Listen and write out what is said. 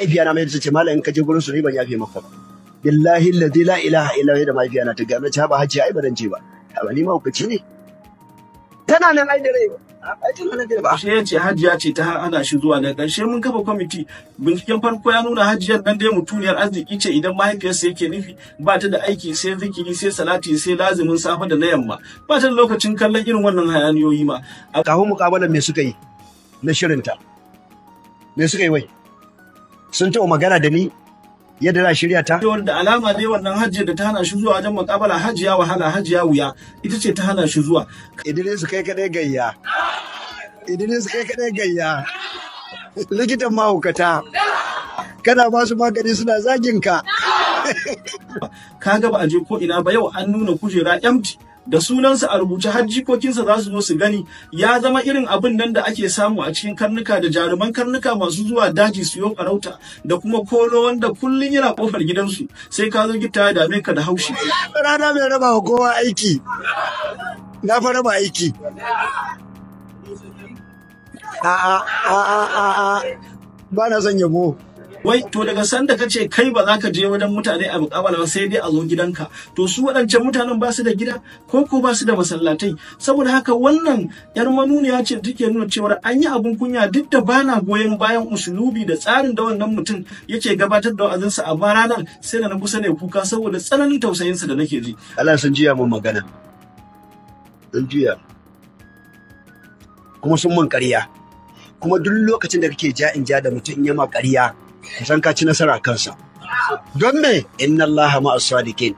mahaifiya na mai da ce malam in ka je gurin su ne ban yafe maka ba billahi alladhi la ilaha illa huwa da mahaifiya na ta ga na ba hajji ai ba dan ce ba amma ni ma ci ne tana nan ai da dare ba shi yace hajiya ce ta ana shi zuwa ne karshe mun kafa kwamiti binciken farko ya nuna hajiyar nan dai mutuniyar arziki ce idan mahaifiyarsa yake nufi ba ta da aiki sai zikiri sai salati sai lazimin safe da na yamma ba ta da lokacin kallon irin wannan hayaniyoyi ma kafin mukabalar me suka yi na shirinta me suka yi wai sun taɓa magana da ni yadda za shirya ta? Da alama ne wannan hajjiyar da ta hana shi zuwa wajen makabala hajjiya wahala hajjiya wuya ita ce ta hana shi zuwa. Idris kai kaɗai gayya. Idris kai kaɗai gayya. Likitan mahaukata. Kana ba su magani suna zagin ka. Ka ga ba a je ko ina ba yau an nuna kujera empty. da sunansa a rubuce har jikokinsa za su zo su gani ya zama irin abin nan da ake samu a cikin karnuka da jaruman karnuka masu zuwa daji su yo farauta da kuma kolo wanda kullun yana kofar gidansu sai ka zo gita ya dame ka da haushi rana mai raba wa kowa aiki na fa raba aiki a'a a'a a'a ba na son yabo wai to daga sanda ka ce kai ba za ka je wajen mutane a mukabala ba sai dai a zo gidanka to su waɗancan mutanen ba su da gida ko ko ba su da masallatai saboda haka wannan yar manuniya ce take nuna cewa an yi abun kunya duk da bana goyon bayan usulubi da tsarin da wannan mutum yake gabatar da wa'azinsa a ranar sai da na kusa ne kuka saboda tsananin tausayinsa da nake ji Allah sun jiya mun magana sun jiya kuma sun mun ƙarya kuma duk lokacin da kake ja in ja da mutum in yi ma ƙarya kasan ka ci nasara kansa don me inna allaha ma'as sadiqin